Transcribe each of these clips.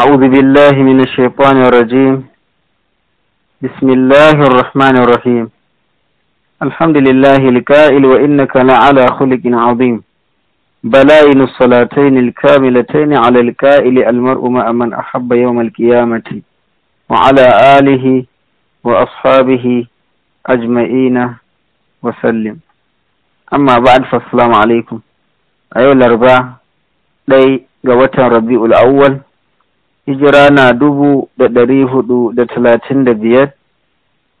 أعوذ بالله من الشيطان الرجيم بسم الله الرحمن الرحيم الحمد لله الكائل وإنك لعلى خلق عظيم بلائن الصلاتين الكاملتين على الكائل المرء مع من أحب يوم القيامة وعلى آله وأصحابه أجمعين وسلم أما بعد فالسلام عليكم أيها الأربعة لي قوة watan الأول hijira na dubu da ɗari hudu da talatin da biyar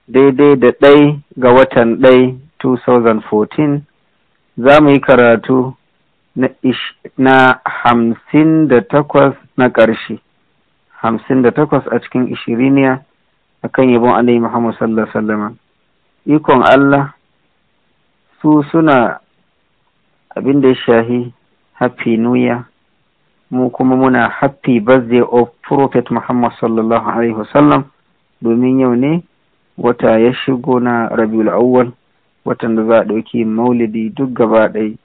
daidai da ɗai ga watan ɗai 2014 za mu yi karatu na hamsin da takwas na ƙarshe hamsin da takwas a cikin ishiriniya a kan yabon alai muhammad sallallahu sallama ikon allah su suna abin da ya shahi happy new year mu kuma muna happy birthday of prophet muhammad sallallahu alaihi wasallam domin yau ne wata ya shigo na rabiul awwal watan da za a ɗauki maulidi duk gaba ɗai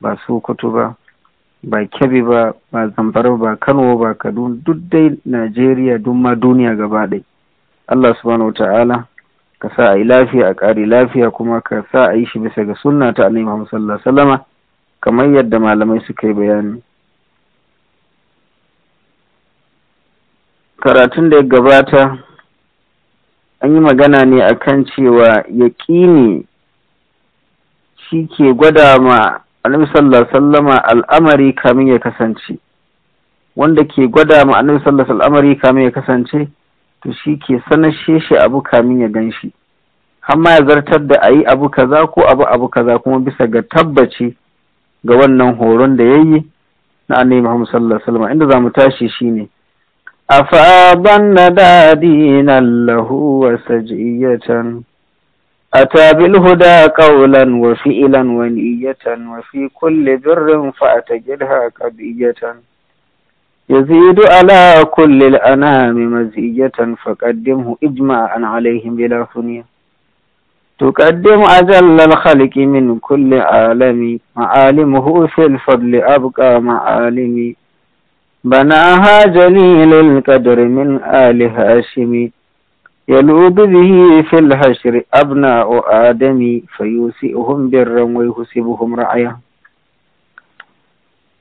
ba sokoto ba ba kebbi ba ba zamfara ba kano ba kaduna duk dai najeriya duk ma duniya gaba ɗai allah subhanahu ta'ala ka sa a yi lafiya a ƙari lafiya kuma ka sa a yi shi bisa ga sunna ta annabi muhammad sallallahu alaihi wasallama kamar yadda malamai suka yi bayani karatun da ya gabata an yi magana ne a kan cewa yaƙini shi ke gwada ma annabi sallallahu sallama al'amari kamin ya kasance wanda ke gwada ma annabi sallallahu al'amari kamin ya kasance to shi ke sanashe shi abu kamin ya gan shi ma ya zartar da a yi abu kaza ko abu abu kaza kuma bisa ga tabbaci ga wannan horon da ya yi na annabi muhammad sallallahu alaihi wasallam inda za mu tashi shi ne أفاض الندى دينا له وسجية أتى بالهدى قولا وفئلا ونية وفي كل بر فأتجدها قبية يزيد على كل الأنام مزية فقدمه إجماعا عليهم بلا ثنية تقدم أجل الخلق من كل عالم معالمه في الفضل أبقى معالمي بناها جليل القدر من آل هاشم يلوذ به في الحشر أبناء آدم فيوسئهم برا ويحسبهم رعيا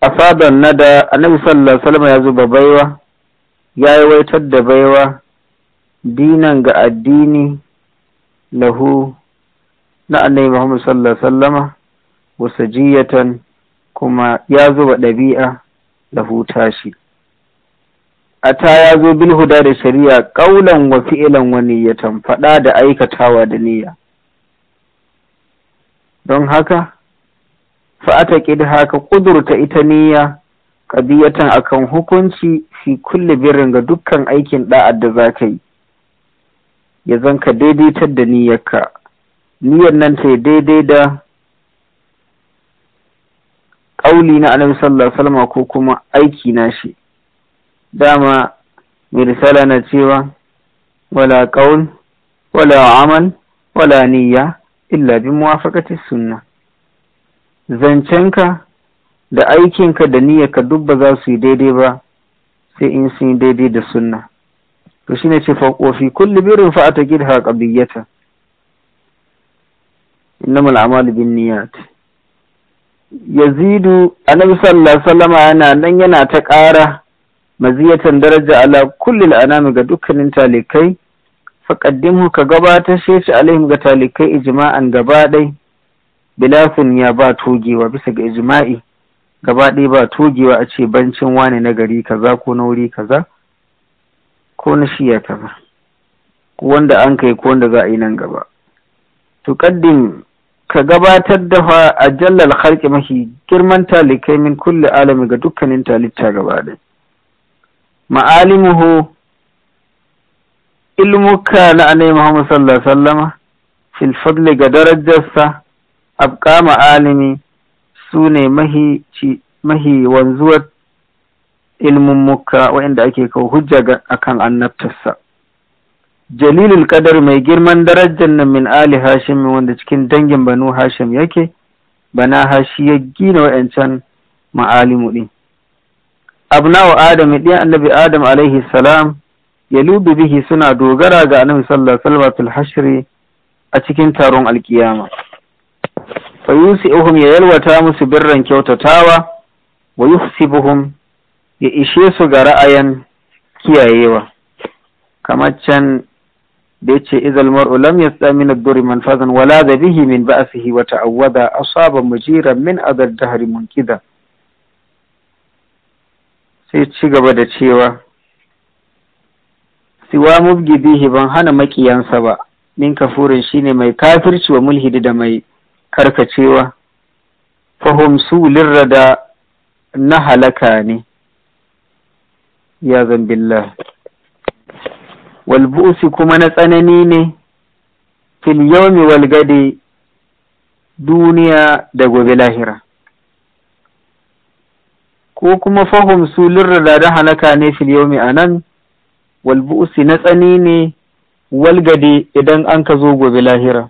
أصاب الندى النبي صلى الله عليه وسلم يزوب بيوة يا ويتد بيوة دينا الديني له نأني محمد صلى الله عليه وسلم وسجية كما يزوب ɗabi'a lahu tashi ata ya zo bil huda da shari'a ƙaulan wa fi'ilan wa niyyatan fada da aikatawa da niyya don haka fa'ata ƙid haka ƙudurta ita niyya ƙabiyatan akan hukunci fi kulle birin ga dukkan aikin ɗa'ad da za ka yi ya zanka daidaitar da niyyarka niyyar nan ta daidai da ƙauli na annabi sallallahu alaihi wasallam ko kuma aiki na shi dama mai risala na cewa wala ƙaun wala amal wala niyya illa bi muwafaqati sunna zancenka da aikinka da niyyarka duk ba za su yi daidai ba sai in sun yi daidai da sunna to shine ce fa fi kulli birin fa gidha qabiyyata innamal a'malu binniyat yazidu annabi sallallahu alaihi wasallama yana nan yana ta ƙara maziyatan daraja ala kulli al'anami ga dukkanin talikai faqaddimhu ka gabatar shi alaihim ga talikai ijma'an gaba bilafin ya ba togewa bisa ga ijma'i gaba ba togewa a ce bancin wani na gari kaza ko na wuri kaza ko na shiya kaza wanda an kai ko wanda za a yi nan gaba tuƙaddin ka gabatar da fa a jallal harki mafi girman talikai min kulle alami ga dukkanin talitta gaba Ma'alimu ma'alimuhu ilmuka na anai muhammad sallallahu alaihi sallama fil ga darajarsa abka ma'alimi su ne mahi wanzuwar muka waɗanda ake kawo hujja akan annabtarsa jalilul kadar mai girman darajar nan min ali hashim wanda cikin dangin banu hashim yake bana hashi ya gina wa'ancan ma'alimu din wa adam ɗin annabi adam alaihi salam ya lubi bihi suna dogara ga annabi sallallahu alaihi wasallam a cikin taron alkiyama fa yusi'uhum ya yalwata musu birran kyautatawa wa yuhsibuhum ya ishe su ga ra'ayan kiyayewa kamar can da yace idhal mar'u lam yasta min ad man manfazan wala bihi min ba'sihi wa ta'awwada asaba mujiran min adar dahri munkida sai ci gaba da cewa siwa mubgidihi ban hana makiyansa ba min kafurin shine mai kafirci wa mulhidi da mai karkacewa fahum su lirrada na halaka ne ya zambillah Walbusi kuma na tsanani ne fil yawmi wal gadi duniya da gobe lahira ko kuma fahim su da da halaka ne fil yawmi anan wal na tsani ne wal gadi idan an ka zo gobe lahira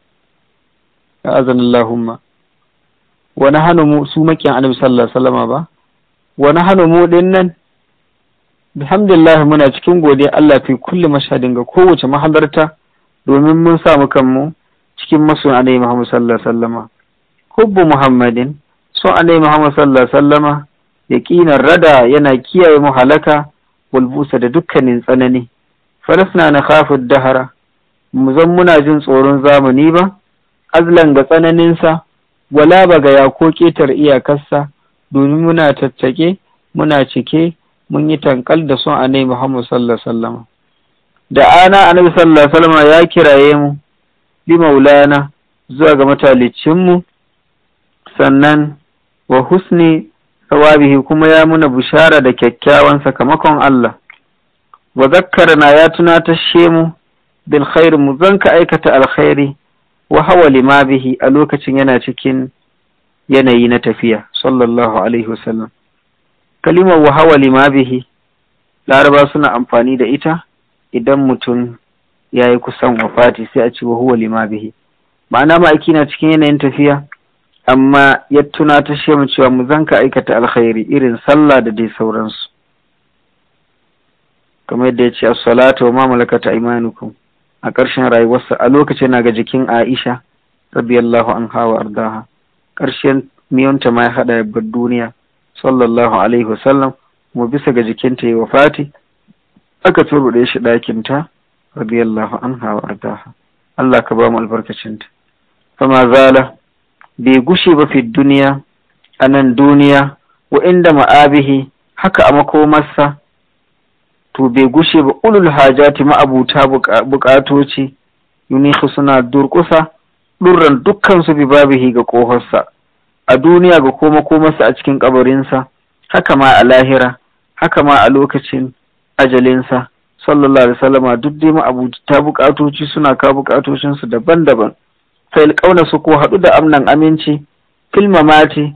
allahumma wa nahanu su makiyan annabi sallallahu alaihi wasallama ba wa nahanu mu din nan Alhamdulillah muna cikin godiya Allah fi kulli mashhadin ga kowace mahalarta domin mun samu kanmu cikin masu Annabi Muhammad sallallahu alaihi wasallama. Hubbu Muhammadin so Annabi Muhammad sallallahu alaihi wasallama yaqinan rada yana kiyaye mu halaka walbusa da dukkanin tsanani. Falasna na khafu dahara mu zan muna jin tsoron zamani ba azlan ga tsananinsa wala ba ga ya ko ketar iyakarsa domin muna tattake muna cike mun yi tankal da son annabi Muhammad sallallahu alaihi wasallam da ana annabi sallallahu alaihi wasallam ya kiraye mu bi maulana zuwa ga matalicin mu sannan wa husni sawabihi kuma ya muna bushara da kyakkyawan sakamakon Allah wa zakkarna ya tunatashe mu bil khair mu zanka aikata alkhairi wa hawa ma bihi a lokacin yana cikin yanayi na tafiya sallallahu alaihi wasallam kalimar wahawa limabihi laraba suna amfani da ita idan mutum ya yi kusan wafati sai a ci wahuwa limabihi ma'ana ma'aiki na cikin yanayin tafiya amma ya tuna ta mu cewa mu zanka aikata alkhairi irin sallah da dai sauransu kamar yadda ya ce as-salatu wa ma malakata imanukum a ƙarshen rayuwarsa a lokacin na ga jikin Aisha rabiyallahu an hawa ardaha ƙarshen miyonta ma ya haɗa yabbar duniya sallallahu alaihi wasallam mu bisa ga jikinta yi wafati aka turbude shi ɗakinta radiyallahu anha wa ardaha Allah ka ba mu albarkacinta fama zala bai gushe ba fi duniya a nan duniya wa inda ma'abihi haka a makomarsa to bai gushe ba ulul hajati ma'abuta bukatoci yuni suna durkusa durran dukkan su bi babihi ga kohorsa a duniya ga koma komarsa a cikin ƙabarinsa, haka ma a lahira haka ma a lokacin ajalinsa sallallahu alaihi wasallama duk dai ma'abuta bukatoci suna ka bukatocinsu daban-daban fa'il kauna su ko haɗu da amnan aminci filma mati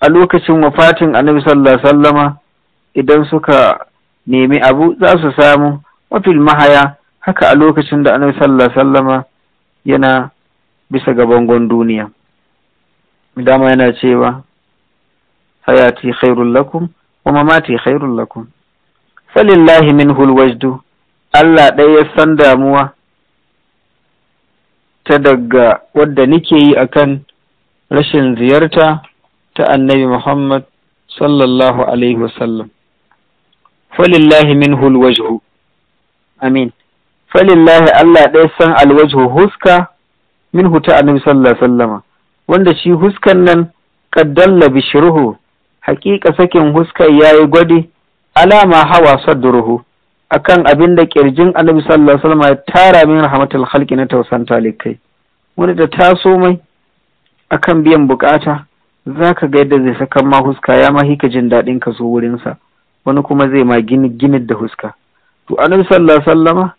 a lokacin wafatin annabi sallallahu alaihi wasallama idan suka nemi abu za su samu mafil mahaya haka a lokacin da annabi sallallahu alaihi yana bisa gaban bangon duniya dama yana cewa hayati khairul lakum wa mamati khairul lakum falillahi minhul wajdu Allah ɗaya ya san damuwa ta daga wadda nike yi akan rashin ziyarta ta annabi Muhammad sallallahu alaihi wasallam falillahi minhul wajhu amin falillahi Allah ɗaya san alwajhu huska minhu ta annabi sallallahu alaihi wasallama wanda shi huskan nan kaddalla bishruhu haƙiƙa sakin huskar yayi gwadi alama hawa sadruhu akan abin da kirjin annabi sallallahu alaihi wasallam ya tara min rahmatul khalqi na tausan talikai wani da taso mai akan biyan bukata zaka ga yadda zai saka ma huska ya ma hika jin daɗin ka wurin wurinsa wani kuma zai ma gini ginin da huska to annabi sallallahu alaihi wasallama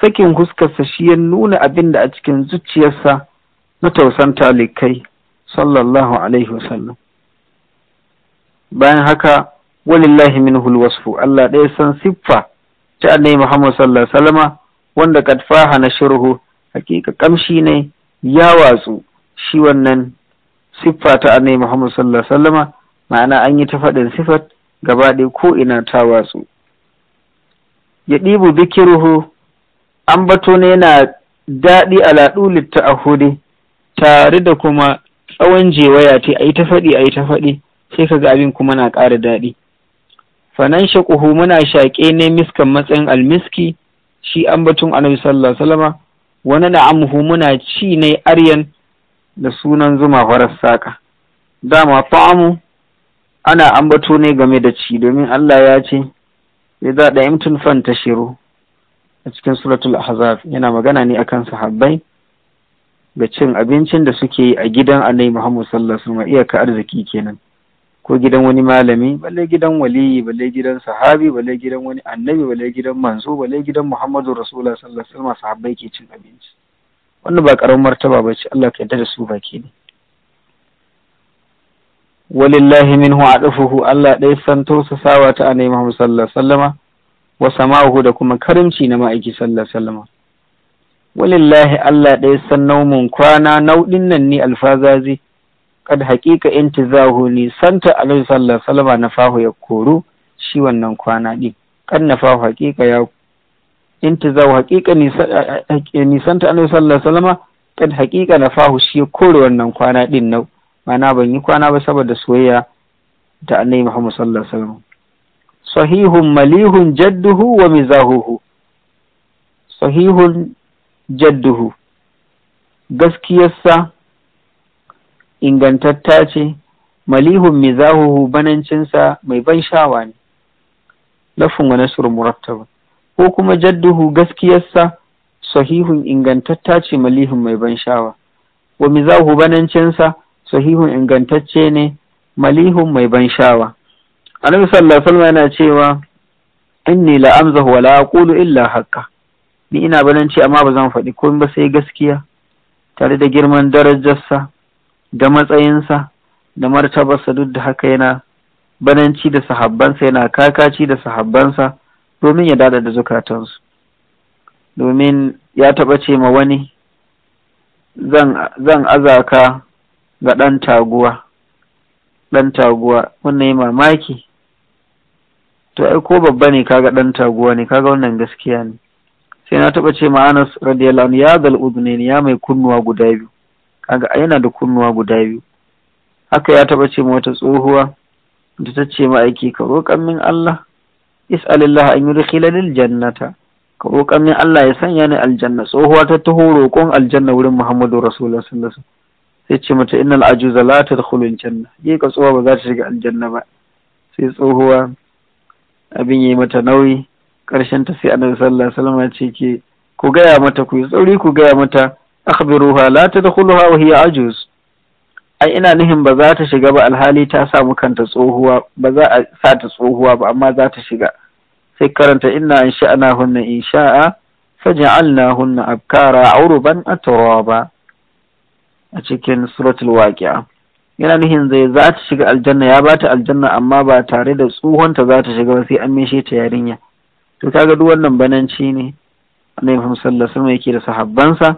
sakin huskarsa shi ya nuna abinda a cikin zuciyarsa matausan talikai sallallahu alaihi wasallam bayan haka walillahi min hulwasfu. Allah ɗaya san siffa ta annabi Muhammad sallallahu alaihi wasallama wanda kad faha na shirhu hakika kamshi ne ya watsu shi wannan siffa ta annabi Muhammad sallallahu alaihi wasallama ma'ana an yi ta faɗin sifat gaba ɗaya ko ina ta watsu ya ɗibu bikiruhu an bato ne yana daɗi a laɗulin ta'ahudi tare da kuma tsawon jewaya ce a yi ta faɗi a yi ta faɗi sai ka ga abin kuma na ƙara daɗi fanan shaƙuhu muna shaƙe ne miskan matsayin almiski shi ambatun annabi sallallahu alaihi wani amuhu muna ci ne aryan da sunan zuma farar saƙa dama fa'amu ana ambato ne game da ci domin Allah ya ce ya zaɗa imtun fan ta shiru a cikin suratul ahzab yana magana ne akan sahabbai ga cin abincin da suke yi a gidan annabi Muhammad sallallahu alaihi wasallam iyaka arziki kenan ko gidan wani malami balle gidan waliyi balle gidan sahabi balle gidan wani annabi balle gidan manzo balle gidan Muhammadu Rasulullah sallallahu alaihi wasallam sahabbai ke cin abinci wannan ba karamin martaba ba ce Allah ka yarda da su baki ne walillahi minhu adafuhu Allah dai san sawa ta annabi Muhammad sallallahu alaihi wasallama wa sama'uhu da kuma karimci na ma'aiki sallallahu alaihi wasallama walillahi Allah ɗaya san naumun kwana nauɗin nan ni alfazazi kad haƙiƙa intizahu ni santa alaihi sallallahu salama na fahu ya koru shi wannan kwana ɗin kad na fahu haƙiƙa ya intizahu haƙiƙa ni santa alaihi sallallahu salama kad haƙiƙa na fahu shi ya kore wannan kwana ɗin nau ma'ana ban yi kwana ba saboda soyayya da annabi Muhammad sallallahu alaihi sahihun malihun jadduhu wa mizahuhu sahihun jadduhu gaskiyarsa ingantatta ce malihun mizahuhu banancinsa mai ban sha'awa ne lafin wa nasr murattabun ko kuma jadduhu gaskiyarsa sahihun ingantatta ce malihun mai ban sha'awa wa mizahuhu banancinsa sahihun ingantacce ne malihun mai ban sha'awa annabi sallallahu alaihi wasallam yana cewa inni la amzahu wa la aqulu illa haqqa ni ina bananci amma ba zan faɗi komai ba sai gaskiya tare da girman darajarsa da matsayinsa da martabarsa duk da haka yana bananci da sahabbansa yana kakaci da sahabbansa domin ya dada da zukatansu domin ya taɓa ce ma wani zan azaka ga ɗan taguwa ɗan taguwa wannan yi mamaki to ai ko babba ne kaga ɗan taguwa ne kaga wannan gaskiya ne sai na taɓa ce ma Anas radiyallahu anhu ya zal udnaini ya mai kunnuwa guda biyu kaga yana da kunnuwa guda biyu haka ya taɓa ce ma wata tsohuwa da ta ce ma'aiki ka roƙan min Allah is'alillah an rikila lil jannata ka roƙan min Allah ya sanya ni aljanna tsohuwa ta taho roƙon aljanna wurin Muhammadu Rasulullah sallallahu alaihi sai ce mata innal ajuza la tadkhulu aljanna je ka tsohuwa ba za ta shiga aljanna ba sai tsohuwa abin yayi mata nauyi ƙarshen ta sai annabi sallallahu alaihi wasallam ce ke ku gaya mata ku yi tsauri ku gaya mata akhbiruha la tadkhuluha wa hiya ajuz ai ina nihin ba za ta shiga ba alhali ta samu kanta tsohuwa ba za a sa ta tsohuwa ba amma za ta shiga sai karanta inna in ana hunna in sha'a faj'alna hunna abkara auruban atraba a cikin suratul waqi'a yana nihin zai za ta shiga aljanna ya ba ta aljanna amma ba tare da tsohonta za ta shiga ba sai an mishe ta yarinya to kaga duk wannan bananci ne annabi Muhammad sallallahu alaihi yake da sahabbansa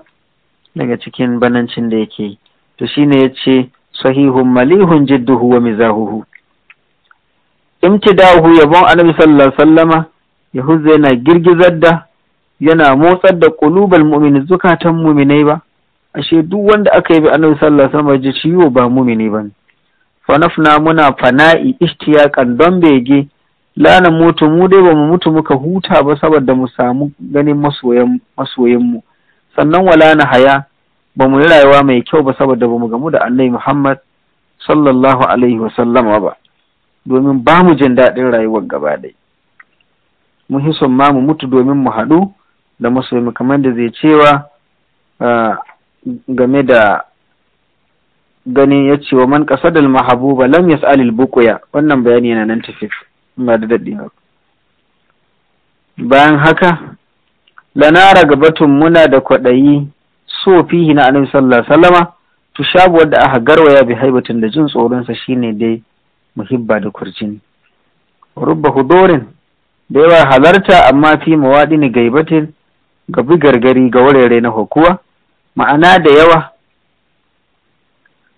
daga cikin banancin da yake yi to shine yace sahihun malihun jidduhu wa mizahuhu imtidahu yabon annabi sallallahu alaihi wasallama yahuzza yana girgizar da yana motsar da qulubal mu'mini zukatan mu'minai ba ashe duk wanda aka yi bi annabi sallallahu alaihi wasallam ji ciwo ba mu'mini bane fanafna muna fana'i ishtiyaqan don bege lana mutu mu dai ba mu mutu muka huta ba saboda mu samu ganin masoyan sannan wala na haya ba mu yi rayuwa mai kyau ba saboda ba mu gamu da annabi Muhammad sallallahu alaihi wa sallama ba domin ba mu jin daɗin rayuwar gaba ɗaya mun hison ma mu mutu domin mu haɗu da masoyi kamar da zai cewa game da ganin ya ce wa man ƙasadal mahabuba lam yas'alil buquya wannan bayani yana nan tafi ba da daɗi ba bayan haka ga ragabatun muna da kwaɗayi so fihi na annabi sallallahu alaihi wasallama tushabu wadda aka garwaya bi haibatin da jin tsoronsa shine dai muhibba da kurjini rubba hudorin da yawa halarta amma fi ne gaibatin ga gargari ga wurare na hukuwa ma'ana da yawa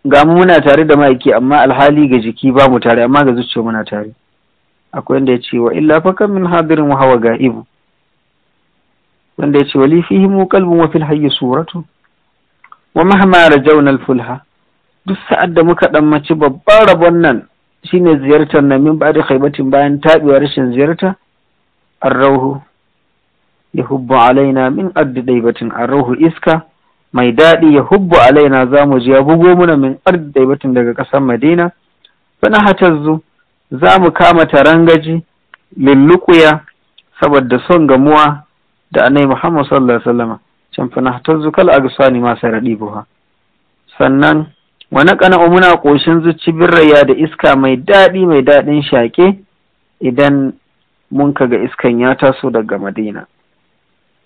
ga mu muna tare da ma'aiki amma alhali ga jiki ba mu tare amma ga zuciya muna tare akwai wanda ya ce wa illa fa kam min hadirin wa hawa ga'ibu wanda ya ce wali fihi mu qalbun wa fil hayyi suratu wa mahma rajawna al fulha duk sa'ad da muka dan mace babban rabon nan shine ziyartar nan min ba'da khaybatin bayan tabewa rashin ziyarta arrauhu yahubbu alaina min ardi daibatin arrauhu iska mai daɗi ya hubbu alaina za mu ji ya bugo muna min ardi daibatin daga ƙasar madina fana hatazzu za mu kama tarangaji lullukuya saboda son gamuwa da anai Muhammad sallallahu alaihi wasallam can ta zukal agsani ma saradi buha sannan wani kana muna ƙoshin zuci birraya da iska mai daɗi mai daɗin shaƙe idan mun kaga iskan ya taso daga madina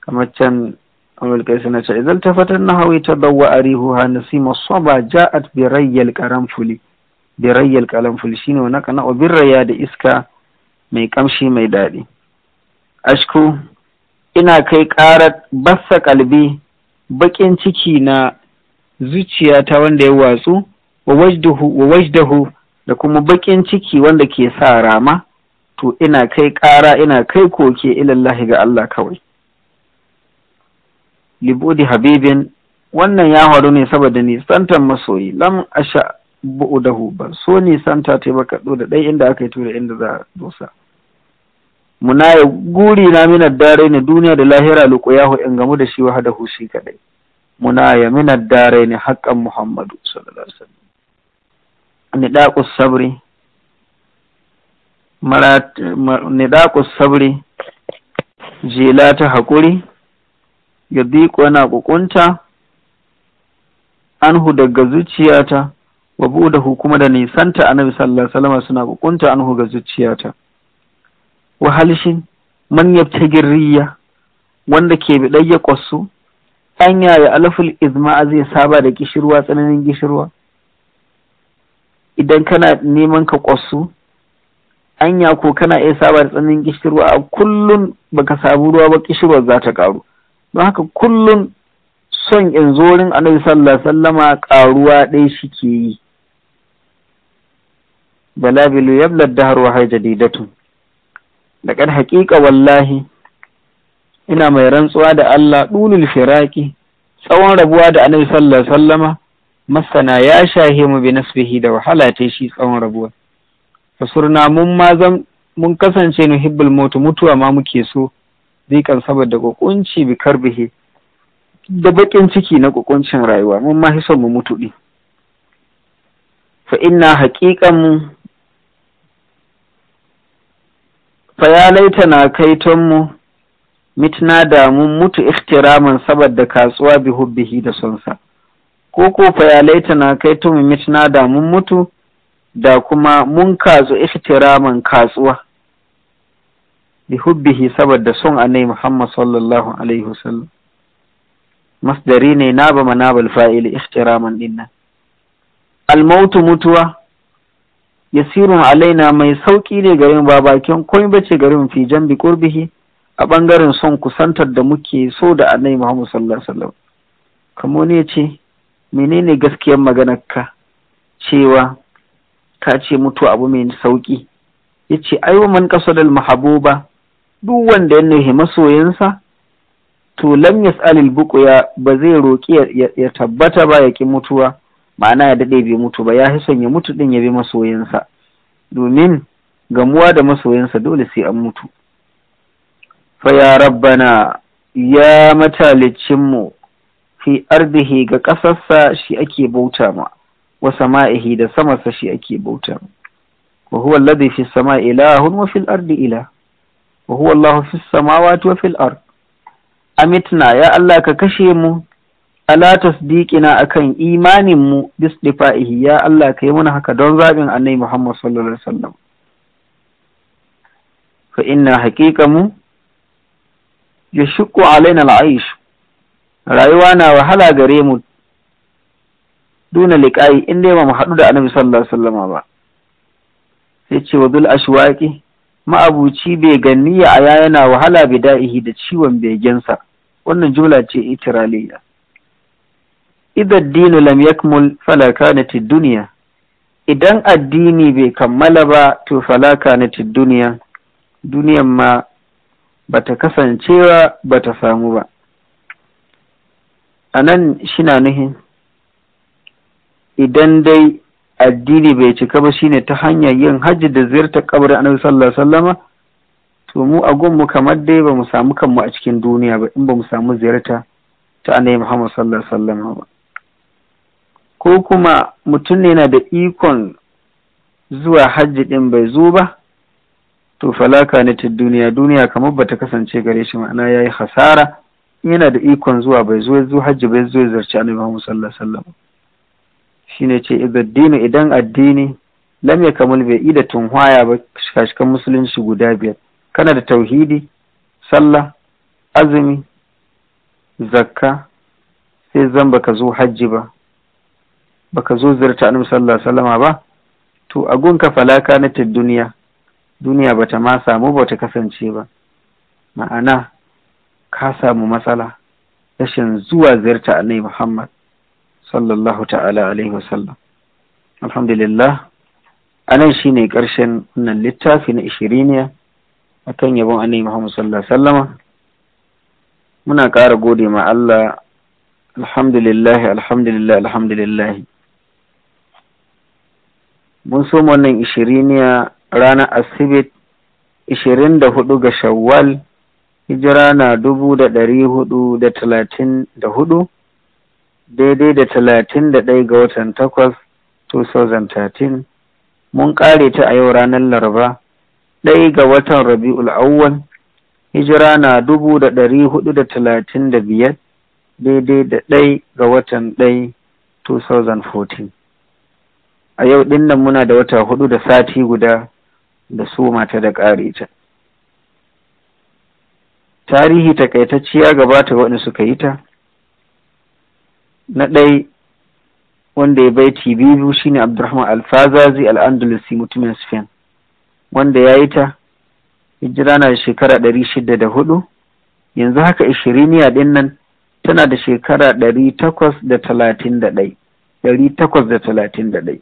kamar can amul kai na ce idan ta fatan na hawi ta dawwa arihu ha nasima ja'at birayyal karamfuli bi rayyal kalamful shine wa naka na'u birraya da iska mai kamshi mai daɗi ashku ina kai ƙarar bassa kalbi baƙin ciki na zuciya ta wanda ya watsu wa wajdahu da kuma baƙin ciki wanda ke sa rama to ina kai ƙara ina kai koke ilallahi ga Allah kawai libudi habibin wannan ya faru ne saboda nisantar masoyi lam asha Bu'u dahu ba, so san ta ba ka da ɗai inda aka yi tura inda za a dosa muna ya guri na minar dare ne duniya da lahira yahu in gamu da shi wahada shi kaɗai muna ya minar dare ne haƙƙan muhammadu sallallahu alaihi wasallam sabri marat sabri ta Hakuri. yana ƙuƙunta anhu daga zuciyata wa budahu kuma da nisanta annabi sallallahu alaihi wasallam suna bukunta anhu ga zuciyata wa halishin man wanda ke bidayya kwasu anya ya alaful izma zai saba da gishirwa tsananin gishirwa idan kana neman ka kwasu anya ko kana iya saba da tsananin gishirwa a kullun baka sabu ruwa ba gishirwa za ta karu don haka kullun son inzorin zorin annabi sallallahu alaihi wasallama karuwa ɗaya shi ke yi balabilu yabla dahar wa jadidatun laƙar haƙiƙa wallahi ina mai rantsuwa da Allah ɗulul firaki tsawon rabuwa da annabi sallallahu alaihi sallama masana ya shahe mu bi nasbihi da wahala ta shi tsawon rabuwa fasurna mun ma zan mun kasance nuhibbul mautu mutuwa ma muke so zikan saboda kokunci bi karbihi da bakin ciki na kokuncin rayuwa mun ma son mu mutu fa inna haƙiƙan mu fa ya laita na kaitonmu mitna da mun mutu ikhtiraman saboda kasuwa bi hubbihi da sonsa ko ko fa ya laita na kaitonmu mitna da mun mutu da kuma mun kazu ikhtiraman kasuwa bi hubbihi saboda son annabi Muhammad sallallahu alaihi wasallam masdari ne na ba manabal fa'ili ikhtiraman dinnan al mutuwa yasirun alaina mai sauƙi ne gare mu ba bakin komai bace gare mu fi jambi qurbihi a ɓangaren son kusantar da muke so da annabi Muhammad sallallahu alaihi wasallam kamar ne ce menene gaskiyar maganar ka cewa ka ce mutu abu mai sauƙi yace ayu man qasadal mahabuba duk wanda ya nuhi masoyinsa to lam yas'alil buqya ba zai roƙi ya tabbata ba ya mutuwa ma'ana ya daɗe bai mutu ba ya fi son ya mutu ɗin ya bi masoyinsa domin gamuwa da masoyinsa dole sai an mutu fa ya rabbana ya matalicinmu fi ardihi ga ƙasarsa shi ake bauta ma wa sama'ihi da samarsa shi ake bauta ma wa huwa alladhi fi sama'i ilahun wa fil ardi ila, wa huwa Allahu fi samawati wa fil ard amitna ya Allah ka kashe mu ala tasdiqina akan imanin mu difa'ihi ya Allah kai mana haka don zabin annabi Muhammad sallallahu alaihi wasallam fa inna haqiqamu yashqu alaina al'aish rayuwa na wahala gare mu duna liqai in dai ba mu haɗu da annabi sallallahu alaihi wasallam ba sai ce wa bil ashwaqi ma'abuci bai ganniya ya yana wahala bida'ihi da ciwon begensa wannan jumla ce itiraliya idan dini lam yakmul fala kanati idan addini bai kammala ba to fala kanati duniya duniyan ma bata kasancewa bata samu ba a nan shina nuhin idan dai addini bai cika ba shine ta hanyar yin hajji da ziyartar kabarin annabi sallallahu alaihi wasallama to mu a gunmu kamar dai ba mu samu kanmu a cikin duniya ba in ba mu samu ziyarta ta annabi muhammad sallallahu alaihi wasallama ba ko kuma mutum ne na da ikon zuwa hajji ɗin bai zo ba to falaka ne ta duniya duniya kamar bata kasance gare shi ma'ana ya yi hasara yana da ikon zuwa bai zo zuwa hajji bai zo zarci annabi Muhammad sallallahu Shi ne ce idan idan addini lam kamul bai ida haya ba shikashikan musulunci guda biyar kana da tauhidi sallah azumi zakka sai zan baka zo hajji ba baka zo zirta annabi sallallahu alaihi wasallama ba to a gunka falaka na duniya duniya ba ta ma samu ba ta kasance ba ma'ana ka samu matsala rashin zuwa ziyarta annabi Muhammad sallallahu ta'ala alaihi wasallam alhamdulillah anan shine karshen wannan littafi na ishiriniya akan yabon annabi Muhammad sallallahu alaihi wasallama muna ƙara gode ma Allah alhamdulillah alhamdulillah alhamdulillah mun so wannan ishiriniya ranar asibit ishirin da hudu ga shawwal hijira na dubu da dari hudu da talatin da hudu daidai da talatin da ɗai ga watan takwas 2013 mun ƙare ta a yau ranar laraba ɗai ga watan rabi'ul awwal hijira na dubu da ɗari hudu da talatin da biyar daidai da ɗai ga watan ɗai 2014 a yau ɗin muna da wata hudu da sati guda da su mata da ƙare ta tarihi takaitacciya gabata waɗanda suka yi ta na ɗai wanda ya bai Tibibu shi ne abdurrahman alfazazi al'andalusi mutumin spain wanda ya yi ta hijira na da shekara ɗari shida da hudu yanzu haka ishiriniya ɗin nan tana da shekara ɗari takwas da talatin da ɗai ɗari takwas da talatin da ɗai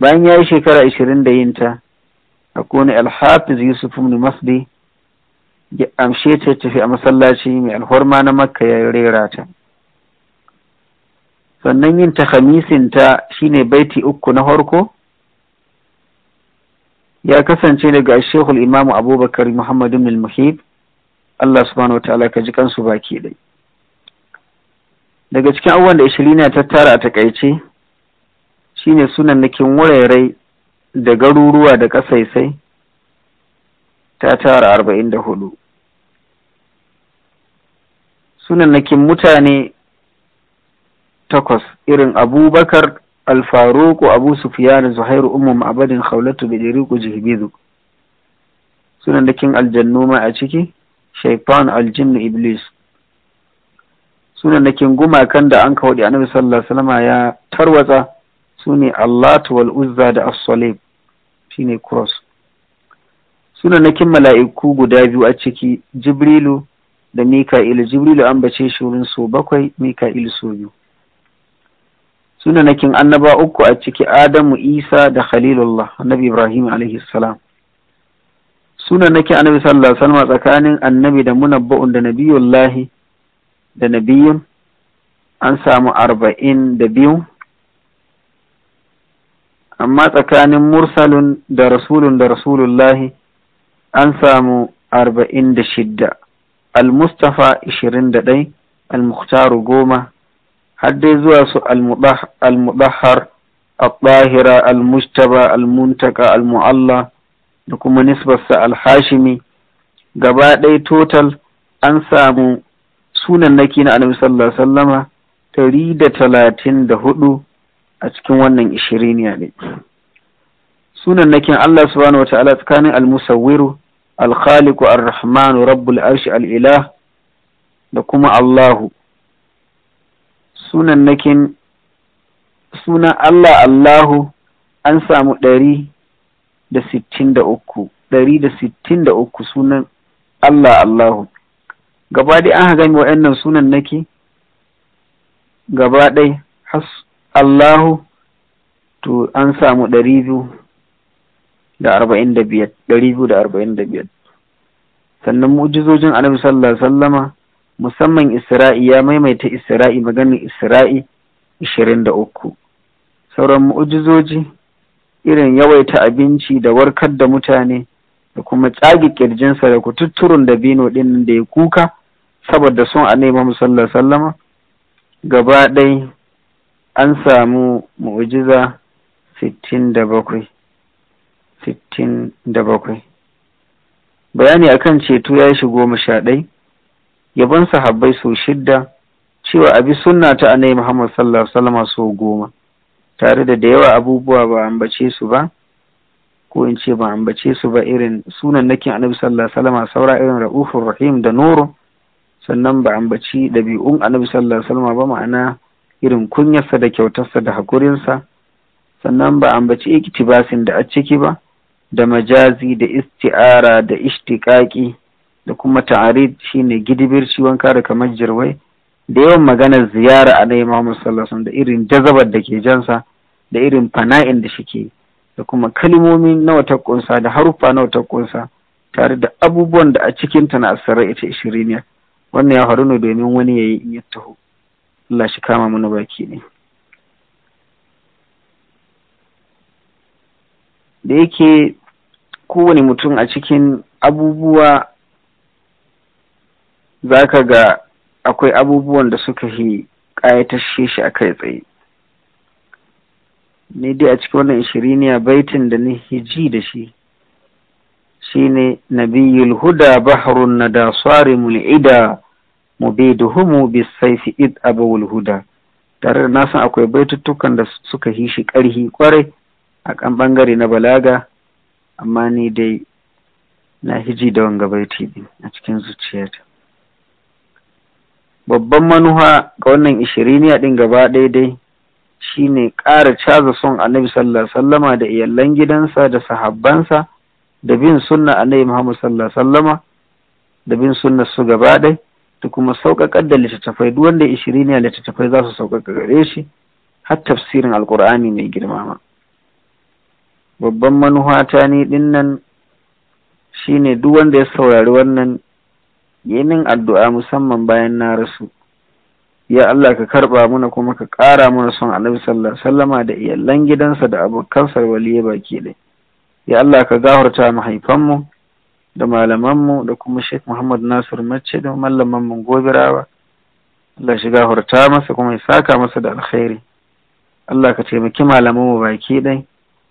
bayan ya yi shekara ashirin da yinta a kone alhafiz yusuf ibn masdi ya amshe ta tafi a masallaci mai alhorma na makka ya rera ta sannan yin ta hamisinta ta shine baiti uku na harko ya kasance daga shehul imamu abubakar muhammadu bin muhib allah subhanahu wa ta'ala ka ji kansu baki dai daga cikin abubuwan da ishirina ta tara a takaice shine sunannakin wurare da garuruwa da ƙasaisai ta tara arba'in da hudu sunannakin mutane takwas irin abubakar alfaruku abu da zuhairu ummu ma'abadin khawlatu jihibidu sunan nakin aljannu mai a ciki shaifan aljinnu iblis sunannakin gumakan da an da annabi sallallahu alaihi ya tarwatsa su ne allatu wal uzza da as-salib shine cross sunanakin mala'iku guda biyu a ciki jibrilu da mika'ilu jibrilu an bace shi wurin so bakwai mika'ilu so biyu sunanakin annaba uku a ciki adamu isa da khalilullah annabi ibrahim alaihi sunanakin annabi sallallahu alaihi wasallam tsakanin annabi da munabba'un da nabiyullahi da nabiyun an samu arba'in da biyun. amma tsakanin mursalun da rasulun da rasulullahi an samu arba'in da shidda al-mustafa ishirin da ɗai al-mukhtaru goma har dai zuwa su al mudahar al-ɗahira al-mustaba al-muntaka al-mu'alla da kuma nisbarsa al-hashimi gaba ɗaya total an samu sunan naki na annabi sallallahu ɗari da talatin da hudu a cikin wannan ishiriniya ne sunan nakin Allah subhanahu wata'ala tsakanin al-musawwiru al-khaliqu ar-rahmanu rabbul arshi al-ilah da kuma Allahu sunan nakin sunan Allah Allahu an samu ɗari da sittin da uku ɗari da sittin da uku sunan Allah Allahu gaba dai an haga nan sunan naki gaba ɗai Allahu to an samu ɗari biyu da arba'in da biyar ɗari biyu da arba'in da biyar sannan mu'jizojin annabi sallallahu alaihi sallama musamman isra'i ya maimaita isra'i maganin isra'i ishirin da uku sauran mu'jizoji irin yawaita abinci da warkar da mutane da kuma tsage kirjinsa da kututturun da bino ɗin da ya kuka saboda sun annabi muhammad sallallahu alaihi sallama gaba ɗaya an samu mu'jiza sittin da bakwai sittin da bakwai bayani akan ceto ya shi goma sha ɗai yabon sahabbai sau shidda cewa abi sunna ta annabi muhammad sallallahu alaihi wasallam sau goma tare da da yawa abubuwa ba ambace su ba ko in ce ba ambace su ba irin sunan nakin annabi sallallahu alaihi wasallam saura irin ra'ufur rahim da nuru sannan ba ambaci ɗabi'un annabi sallallahu alaihi wasallam ba ma'ana irin kunyarsa da kyautarsa da haƙurinsa sannan ba ambaci iktibasin da a ciki ba da majazi da isti'ara da ishtiƙaƙi da kuma ta'arid shine gidibirci wanka da kamar jirwai da yawan maganar ziyara a nai Muhammad sallallahu da irin jazabar da ke jansa da irin fana'in da shi ke, da kuma kalmomi na wata kunsa da haruffa na wata kunsa tare da abubuwan da a cikinta na asarar ita ishiriniya wannan ya faru ne domin wani ya yi in ya taho Allah shi kama mana baki ne da yake kowane mutum a cikin abubuwa za ka ga akwai abubuwan da suka yi ƙayatashe shi a kai tsaye ni dai a cikin wannan shiriniya baitin da ni hiji da shi Shi shine nabiyul huda na da sarimul mul'ida. mubiduhumu bisaifi id abawul huda tare da san akwai baituttukan da suka hishi shi ƙarhi kwarai a kan bangare na balaga amma ni dai na hiji da wanga baiti din a cikin zuciyata babban manuha ga wannan ishiriniya din gaba ɗaya dai shine ƙara caza son annabi sallallahu alaihi sallama da iyalan gidansa da sahabbansa da bin sunna annabi muhammad sallallahu alaihi sallama da bin sunna su gaba ɗaya Ta kuma sauƙaƙar da littattafai duk wanda ishirin ne littattafai za su sauƙaƙa gare shi har tafsirin alƙur'ani mai girma ma babban manuwa ta ni din nan ne duk wanda ya saurari wannan yinin addu'a musamman bayan na rasu ya Allah ka karɓa mana kuma ka ƙara mana son annabi sallallahu alaihi wasallama da iyalan gidansa da abokansa waliye baki ɗaya ya Allah ka gafarta mahaifanmu da malamanmu da kuma Sheikh Muhammad Nasir Mace da mallamanmu Gobirawa Allah shiga hurta masa kuma ya saka masa da alkhairi Allah ka taimaki malamanmu baki dai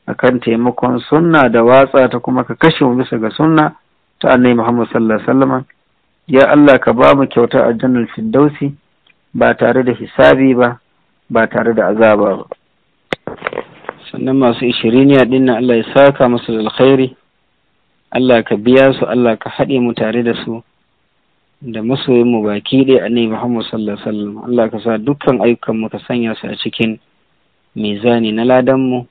akan taimakon sunna da watsa ta kuma ka kashe mu bisa ga sunna ta annabi Muhammad sallallahu alaihi wasallam ya Allah ka ba mu kyauta a jannal firdausi ba tare da hisabi ba ba tare da azaba ba sannan masu ishiriniya dinnan Allah ya saka masa da alkhairi Allah ka biya su Allah ka haɗe mu tare da su da masoyinmu mu baki ɗaya annabi Muhammad sallallahu alaihi wasallam Allah ka sa dukkan ayyukan mu ka sanya su a cikin mizani na ladan mu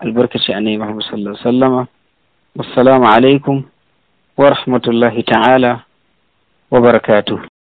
albarkaci annabi Muhammad sallallahu alaihi wasallam alaikum wa rahmatullahi ta'ala wa barakatuh